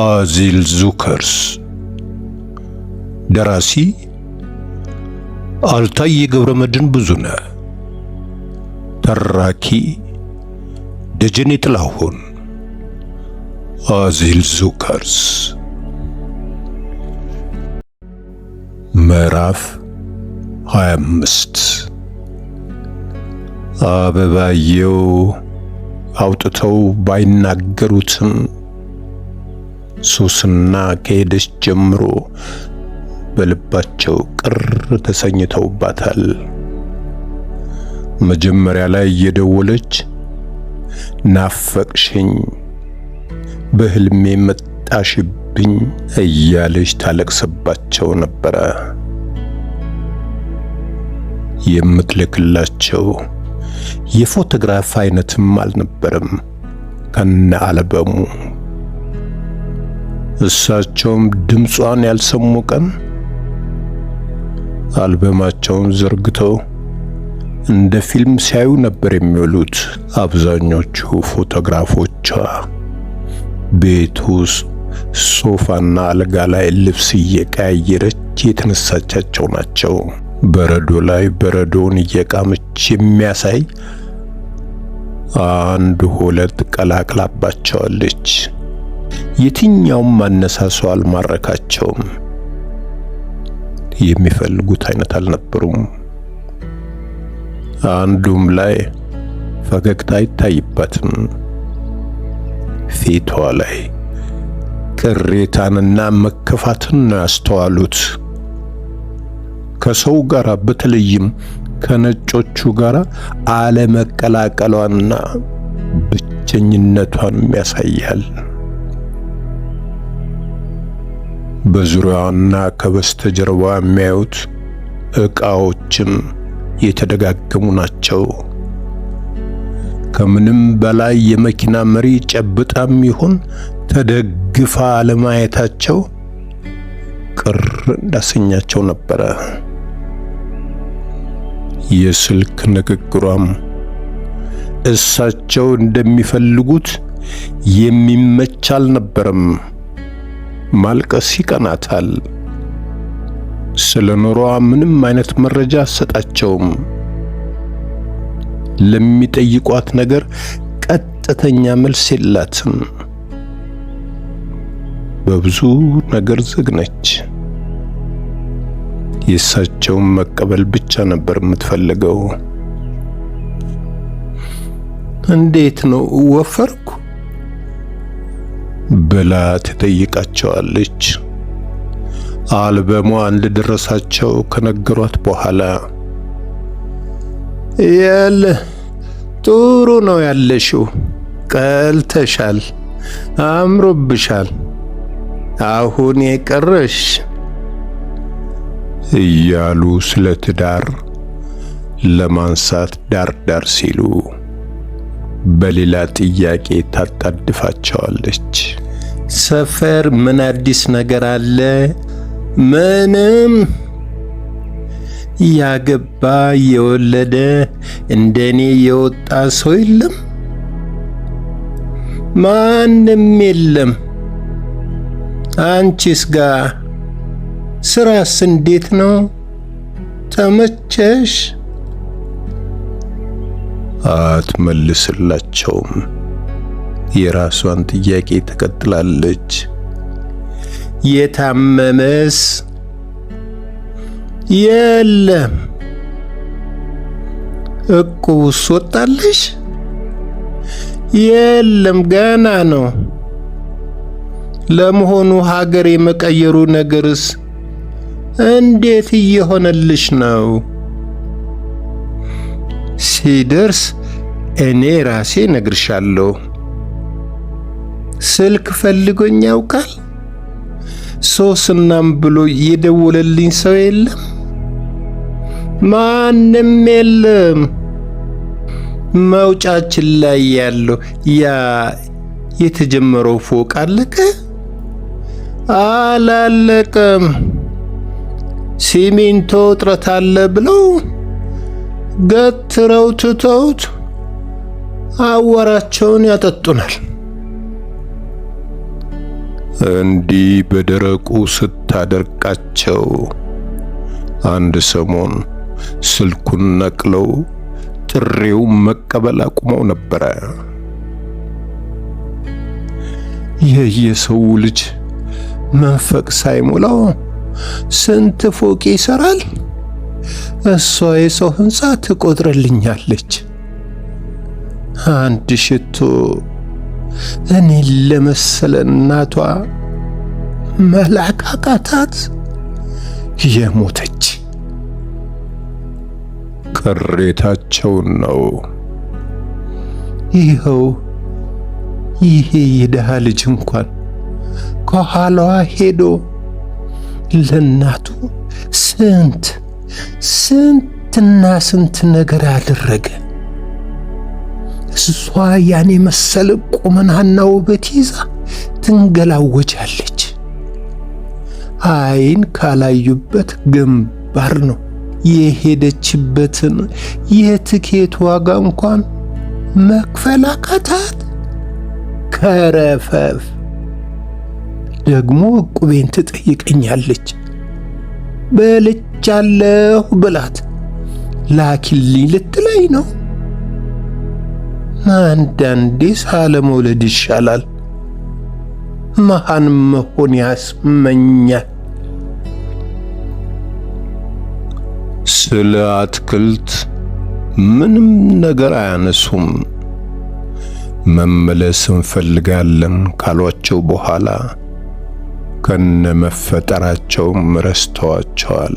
አዚል ዙከርስ ደራሲ አልታየ አልታይ የገብረመድህን ብዙነህ ተራኪ ደጀኔ ጥላሁን አዚል ዙከርስ ምዕራፍ 25 አበባየው አውጥተው ባይናገሩትም ሱስና ከሄደች ጀምሮ በልባቸው ቅር ተሰኝተውባታል። መጀመሪያ ላይ እየደወለች ናፈቅሽኝ፣ በህልሜ መጣሽብኝ እያለች ታለቅስባቸው ነበረ። የምትልክላቸው የፎቶግራፍ አይነትም አልነበረም ከነ አልበሙ እሳቸውም ድምጿን ያልሰሙ ቀን አልበማቸውን ዘርግተው እንደ ፊልም ሲያዩ ነበር የሚውሉት። አብዛኞቹ ፎቶግራፎቿ ቤት ውስጥ ሶፋና አልጋ ላይ ልብስ እየቀያየረች የተነሳቻቸው ናቸው። በረዶ ላይ በረዶውን እየቃመች የሚያሳይ አንድ ሁለት ቀላቅላባቸዋለች። የትኛውም ማነሳሱ አልማረካቸውም። የሚፈልጉት አይነት አልነበሩም። አንዱም ላይ ፈገግታ አይታይበትም። ፊቷ ላይ ቅሬታንና መከፋትን ነው ያስተዋሉት። ከሰው ጋር በተለይም ከነጮቹ ጋር አለመቀላቀሏና ብቸኝነቷን ያሳያል። በዙሪያዋና ከበስተጀርባ የሚያዩት ዕቃዎችን የተደጋገሙ ናቸው። ከምንም በላይ የመኪና መሪ ጨብጣም ይሁን ተደግፋ አለማየታቸው ቅር እንዳሰኛቸው ነበረ። የስልክ ንግግሯም እሳቸው እንደሚፈልጉት የሚመች አልነበረም። ማልቀስ ይቀናታል። ስለ ኑሮዋ ምንም አይነት መረጃ አትሰጣቸውም። ለሚጠይቋት ነገር ቀጥተኛ መልስ የላትም። በብዙ ነገር ዝግ ነች። የእሳቸውን መቀበል ብቻ ነበር የምትፈልገው። እንዴት ነው ወፈርኩ ብላ ትጠይቃቸዋለች። አልበሟ እንደደረሳቸው ከነገሯት በኋላ ያለ ጥሩ ነው ያለሽው፣ ቀልተሻል፣ አምሮብሻል፣ አሁን የቀረሽ እያሉ ስለ ትዳር ለማንሳት ዳር ሲሉ በሌላ ጥያቄ ታጣድፋቸዋለች። ሰፈር ምን አዲስ ነገር አለ? ምንም። ያገባ የወለደ እንደኔ የወጣ ሰው የለም። ማንም የለም። አንቺስ ጋ ስራስ እንዴት ነው? ተመቸሽ? አትመልስላቸውም። የራሷን ጥያቄ ተቀጥላለች። የታመመስ የለም። እቁብስ ወጣልሽ? የለም ገና ነው። ለመሆኑ ሀገር የመቀየሩ ነገርስ እንዴት እየሆነልሽ ነው? ሲደርስ እኔ ራሴ ነግርሻለሁ። ስልክ ፈልጎኝ ያውቃል? ሶስናም ብሎ የደወለልኝ ሰው የለም፣ ማንም የለም። መውጫችን ላይ ያለው ያ የተጀመረው ፎቅ አለቀ አላለቀም? ሲሚንቶ እጥረት አለ ብለው ገትረው ትተውት አዋራቸውን ያጠጡናል። እንዲህ በደረቁ ስታደርቃቸው አንድ ሰሞን ስልኩን ነቅለው ጥሪው መቀበል አቁመው ነበረ። የየሰው ልጅ መንፈቅ ሳይሞላው ስንት ፎቅ ይሰራል? እሷ የሰው ሕንፃ ትቆጥርልኛለች። አንድ ሽቶ እኔን ለመሰለ እናቷ መላክ አቃታት። የሞተች ቅሬታቸውን ነው። ይኸው ይሄ የድሃ ልጅ እንኳን ከኋላዋ ሄዶ ለእናቱ ስንት ስንትና ስንት ነገር አደረገ። እሷ ያን የመሰለ ቁመናና ውበት ይዛ ትንገላወጃለች። አይን ካላዩበት ግንባር ነው። የሄደችበትን የትኬት ዋጋ እንኳን መክፈል አቃታት። ከረፈፍ ደግሞ ዕቁቤን ትጠይቀኛለች። በልቻለሁ ብላት ላኪልኝ ልትለኝ ነው። አንዳንዴ ሳለመውለድ ይሻላል። መሃን መሆን ያስመኛል። ስለ አትክልት ምንም ነገር አያነሱም። መመለስ እንፈልጋለን ካሏቸው በኋላ ከነ መፈጠራቸውም ረስተዋቸዋል።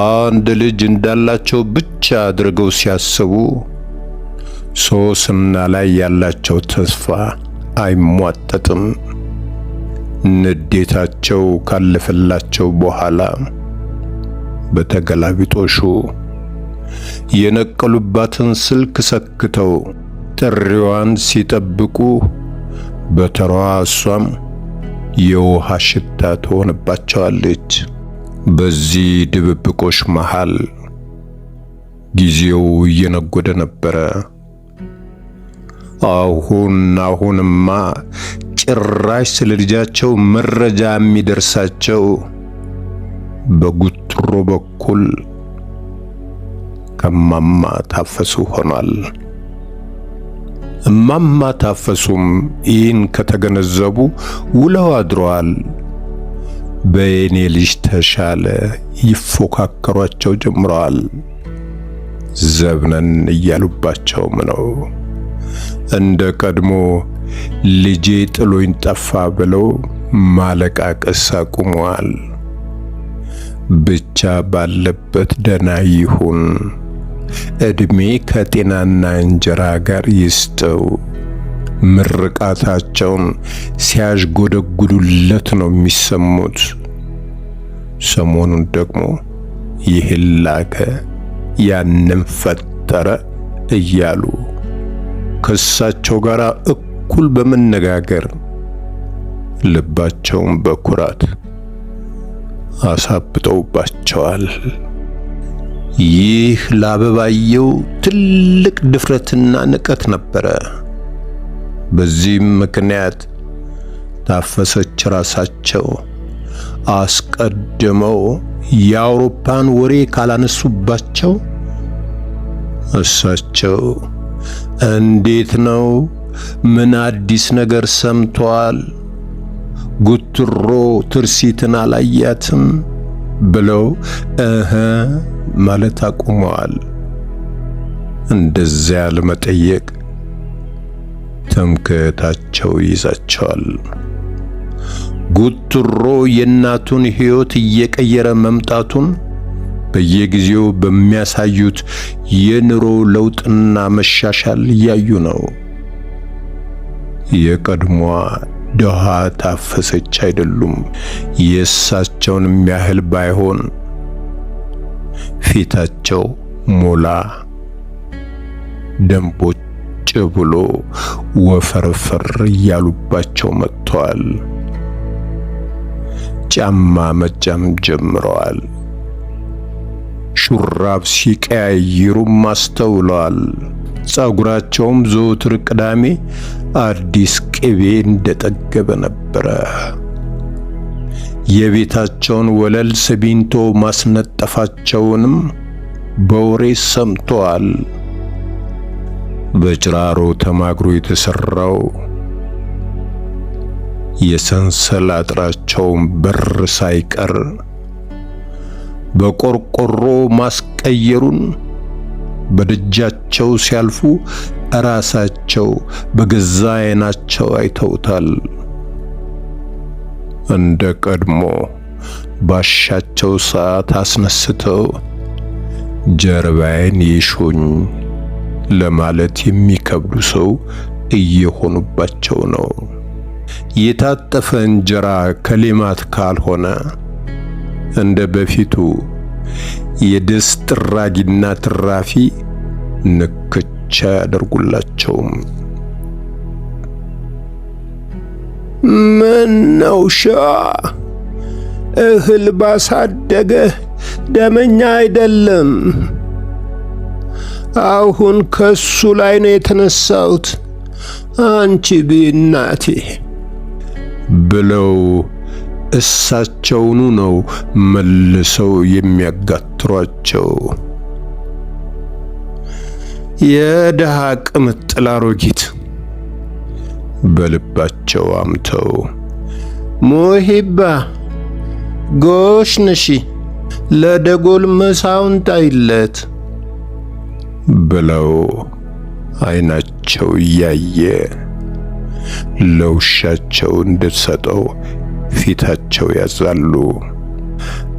አንድ ልጅ እንዳላቸው ብቻ አድርገው ሲያስቡ ሶስና ላይ ያላቸው ተስፋ አይሟጠጥም። ንዴታቸው ካለፈላቸው በኋላ በተገላቢጦሹ የነቀሉባትን ስልክ ሰክተው ጥሪዋን ሲጠብቁ በተራዋ እሷም የውሃ ሽታ ትሆንባቸዋለች። በዚህ ድብብቆሽ መሃል ጊዜው እየነጎደ ነበረ። አሁን አሁንማ ጭራሽ ስለ ልጃቸው መረጃ የሚደርሳቸው በጉትሮ በኩል ከማማ ታፈሱ ሆኗል። እማማ ታፈሱም ይህን ከተገነዘቡ ውለው አድረዋል። በእኔ ልጅ ተሻለ ይፎካከሯቸው ጀምረዋል። ዘብነን እያሉባቸውም ነው። እንደ ቀድሞ ልጄ ጥሎኝ ጠፋ ብለው ማለቃቀስ አቁመዋል። ብቻ ባለበት ደና ይሁን፣ እድሜ ከጤናና እንጀራ ጋር ይስጠው። ምርቃታቸውን ሲያዥጎደጉዱለት ነው የሚሰሙት። ሰሞኑን ደግሞ ይህን ላከ ያንም ፈጠረ እያሉ ከእሳቸው ጋር እኩል በመነጋገር ልባቸውን በኩራት አሳብጠውባቸዋል። ይህ ለአበባየው ትልቅ ድፍረትና ንቀት ነበረ። በዚህም ምክንያት ታፈሰች ራሳቸው አስቀድመው የአውሮፓን ወሬ ካላነሱባቸው እሳቸው እንዴት ነው? ምን አዲስ ነገር ሰምቷል? ጉትሮ ትርሲትን አላያትም ብለው እህ ማለት አቁመዋል። እንደዚያ ለመጠየቅ ትምክህታቸው ይዛቸዋል። ጉትሮ የእናቱን ሕይወት እየቀየረ መምጣቱን በየጊዜው በሚያሳዩት የኑሮ ለውጥና መሻሻል እያዩ ነው። የቀድሞዋ ድሃ ታፈሰች አይደሉም። የእሳቸውን ያህል ባይሆን ፊታቸው ሞላ ደንቦጭ ብሎ ወፈርፈር እያሉባቸው መጥተዋል። ጫማ መጫም ጀምረዋል። ሹራብ ሲቀያይሩም አስተውለዋል። ጸጉራቸውም ዘወትር ቅዳሜ አዲስ ቅቤ እንደጠገበ ነበረ። የቤታቸውን ወለል ሲሚንቶ ማስነጠፋቸውንም በወሬ ሰምተዋል። በጭራሮ ተማግሮ የተሰራው የሰንሰል አጥራቸውን በር ሳይቀር በቆርቆሮ ማስቀየሩን በደጃቸው ሲያልፉ ራሳቸው በገዛ ዓይናቸው አይተውታል። እንደ ቀድሞ ባሻቸው ሰዓት አስነስተው ጀርባዬን ይሹኝ ለማለት የሚከብዱ ሰው እየሆኑባቸው ነው። የታጠፈ እንጀራ ከሌማት ካልሆነ እንደ በፊቱ የድስት ጥራጊና ትራፊ ንክቻ ያደርጉላቸውም። ምን ነው ሸዋ እህል ባሳደገህ ደመኛ አይደለም። አሁን ከሱ ላይ ነው የተነሳሁት አንቺ ቢናቴ ብለው እሳቸውኑ ነው መልሰው የሚያጋትሯቸው። የድሃ ቅምጥል አሮጊት በልባቸው አምተው ሙሂባ ጎሽ ለደጎል ለደጎልመሳውን ጣይለት ብለው አይናቸው እያየ ለውሻቸው እንድትሰጠው ፊታቸው ያዛሉ።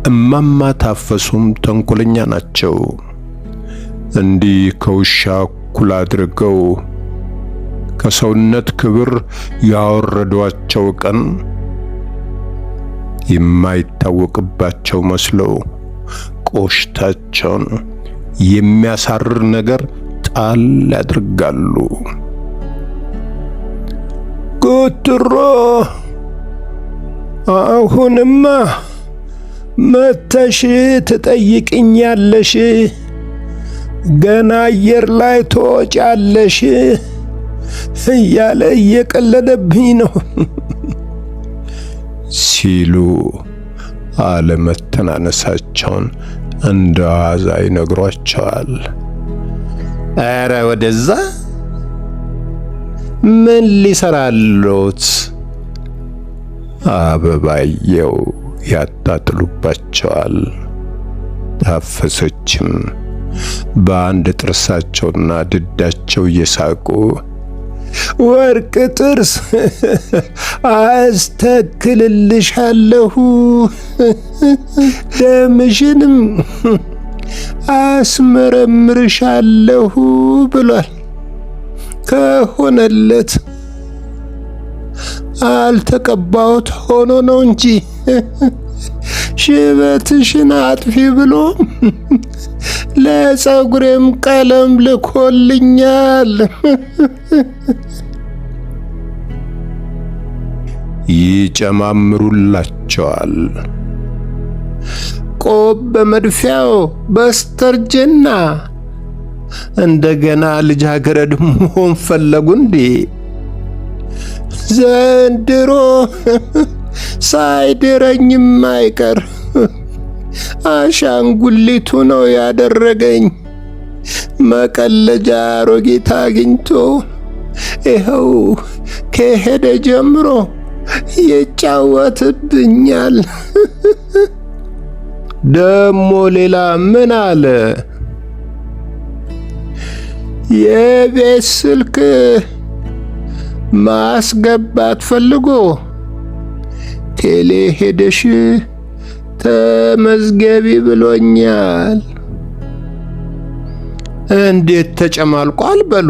እማማ ታፈሱም ተንኮለኛ ናቸው። እንዲህ ከውሻ እኩል አድርገው ከሰውነት ክብር ያወረዷቸው ቀን የማይታወቅባቸው መስለው ቆሽታቸውን የሚያሳርር ነገር ጣል ያድርጋሉ። ጉትሮ አሁንማ መተሽ ትጠይቅኛለሽ፣ ገና አየር ላይ ትወጫለሽ እያለ እየቀለደብኝ ነው ሲሉ አለመተናነሳቸውን እንደ ዋዛ ይነግሯቸዋል። ኧረ ወደዛ ምን ሊሰራሉት? አበባየው ያጣጥሉባቸዋል። ታፈሶችም በአንድ ጥርሳቸውና ድዳቸው እየሳቁ ወርቅ ጥርስ አስተክልልሻለሁ፣ ደምሽንም አስመረምርሻለሁ ብሏል ከሆነለት አልተቀባሁት ሆኖ ነው እንጂ ሽበትሽን አጥፊ ብሎ ለጸጉሬም ቀለም ልኮልኛል። ይጨማምሩላቸዋል። ቆብ በመድፊያው በስተርጅና እንደገና ልጃገረድ መሆን ፈለጉ እንዴ? ዘንድሮ ሳይድረኝም አይቀር አሻንጉሊቱ ነው ያደረገኝ። መቀለጃ አሮጊት አግኝቶ ይኸው ከሄደ ጀምሮ ይጫወትብኛል። ደሞ ሌላ ምን አለ? የቤት ስልክ ማስገባት ፈልጎ ቴሌ ሄደሽ ተመዝገቢ ብሎኛል። እንዴት ተጨማልቋል? በሉ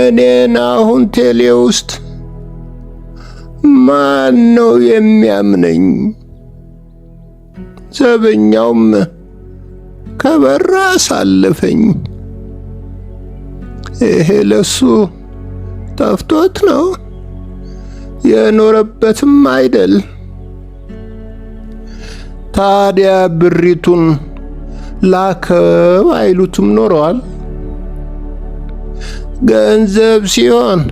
እኔን አሁን ቴሌ ውስጥ ማን ነው የሚያምነኝ? ዘበኛውም ከበራ አሳለፈኝ። ይሄ ለሱ ጠፍቶት ነው የኖረበትም አይደል። ታዲያ ብሪቱን ላከው አይሉትም ኖረዋል። ገንዘብ ሲሆን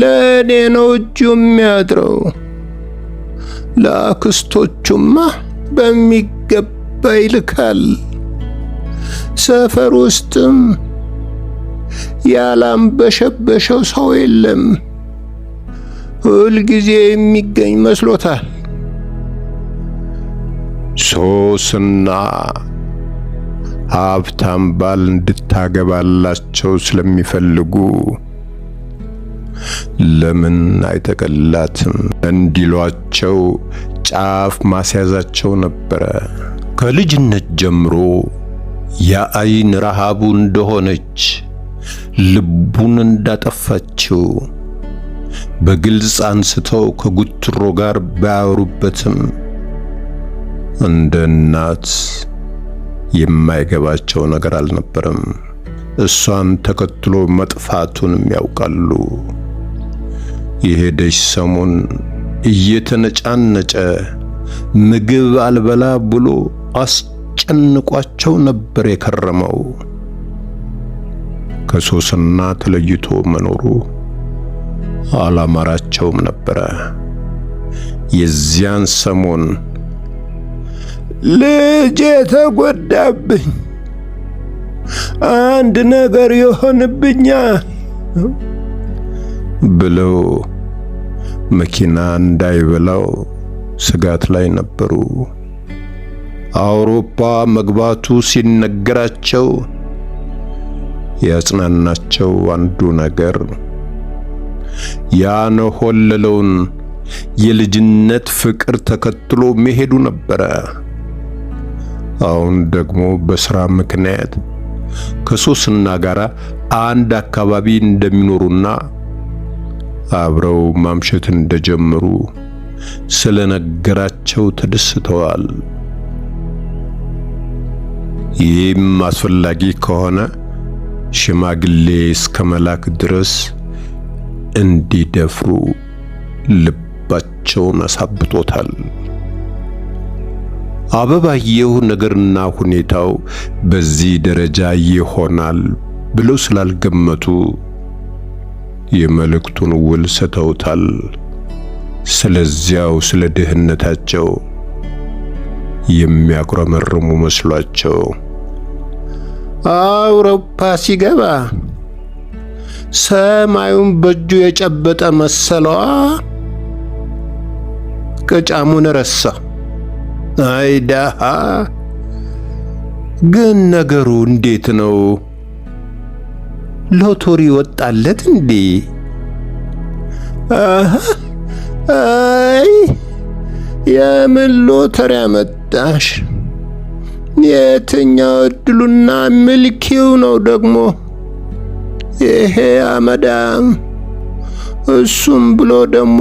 ለእኔ ነው እጁ የሚያድረው። ለአክስቶቹማ በሚገባ ይልካል። ሰፈር ውስጥም ያላንበሸበሸው ሰው የለም። ሁልጊዜ የሚገኝ መስሎታል። ሶስና ሀብታም ባል እንድታገባላቸው ስለሚፈልጉ ለምን አይተቀላትም እንዲሏቸው ጫፍ ማስያዛቸው ነበረ። ከልጅነት ጀምሮ የአይን ረሃቡ እንደሆነች ልቡን እንዳጠፋችው በግልጽ አንስተው ከጉትሮ ጋር ባያወሩበትም እንደ እናት የማይገባቸው ነገር አልነበረም። እሷን ተከትሎ መጥፋቱንም ያውቃሉ። የሄደች ሰሞን እየተነጫነጨ ምግብ አልበላ ብሎ አስጨንቋቸው ነበር የከረመው። ከሶስና ተለይቶ መኖሩ አላማራቸውም ነበረ። የዚያን ሰሞን ልጄ ተጎዳብኝ፣ አንድ ነገር ይሆንብኛል ብለው መኪና እንዳይበላው ስጋት ላይ ነበሩ። አውሮፓ መግባቱ ሲነገራቸው ያጽናናቸው አንዱ ነገር ያን ሆለለውን የልጅነት ፍቅር ተከትሎ መሄዱ ነበረ። አሁን ደግሞ በስራ ምክንያት ከሶስና ጋራ አንድ አካባቢ እንደሚኖሩና አብረው ማምሸት እንደጀመሩ ስለነገራቸው ተደስተዋል። ይህም አስፈላጊ ከሆነ ሽማግሌ እስከ መላክ ድረስ እንዲደፍሩ ልባቸውን አሳብጦታል። አበባየሁ ነገርና ሁኔታው በዚህ ደረጃ ይሆናል ብለው ስላልገመቱ የመልእክቱን ውል ሰተውታል። ስለዚያው ስለ ድህነታቸው የሚያጉረመርሙ መስሏቸው አውሮፓ ሲገባ ሰማዩን በእጁ የጨበጠ መሰለዋ ቅጫሙን ረሳ። አይ ግን ነገሩ እንዴት ነው? ሎቶሪ ወጣለት እንዴ? አይ የምን ሎተሪ አመጣሽ? የትኛው እድሉና ምልኪው ነው ደግሞ? ይሄ አመዳም እሱም ብሎ ደግሞ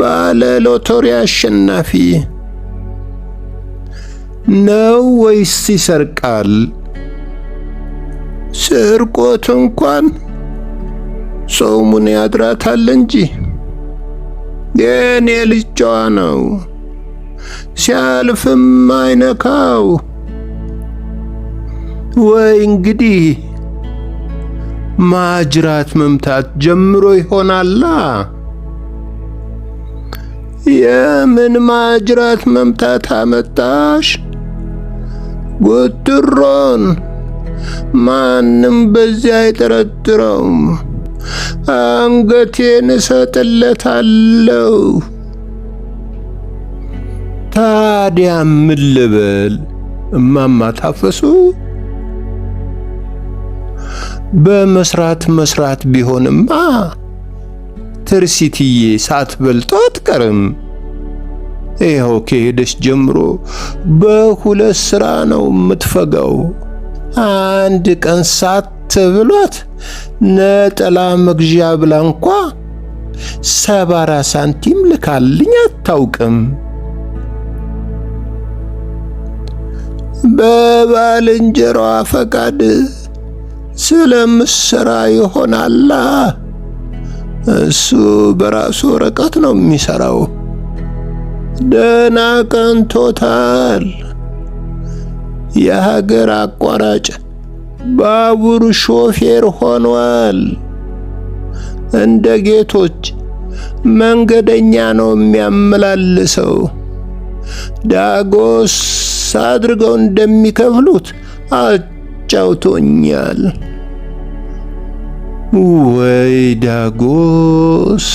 ባለ ሎተሪ አሸናፊ ነው ወይስ ይሰርቃል? ስርቆት እንኳን ጾሙን ያድራታል እንጂ የእኔ ልጅ ጨዋ ነው። ሲያልፍም አይነካው። ወይ እንግዲህ ማጅራት መምታት ጀምሮ ይሆናላ። የምን ማጅራት መምታት አመጣሽ? ጉትሮን ማንም በዚያ አይጠረጥረውም። አንገቴን እሰጥለታለሁ። ታዲያ ምን ልበል እማማ ታፈሱ? በመስራት መስራት ቢሆንማ ትርሲትዬ ሳትበልጦ አትቀርም። ይኸው ከሄደች ጀምሮ በሁለት ሥራ ነው የምትፈጋው። አንድ ቀን ሳት ብሏት ነጠላ መግዣ ብላ እንኳ ሰባራ ሳንቲም ልካልኝ አታውቅም። በባልንጀራዋ ፈቃድ ስለምሰራ ይሆናላ። እሱ በራሱ ወረቀት ነው የሚሰራው። ደህና ቀንቶታል። የሀገር አቋራጭ ባቡር ሾፌር ሆኗል። እንደ ጌቶች መንገደኛ ነው የሚያመላልሰው ዳጎስ አድርገው እንደሚከፍሉት አጫውቶኛል። ወይ ዳጎስ